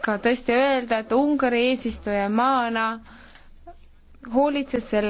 võib ka tõesti öelda, et Ungari eesistujamaana hoolitses selle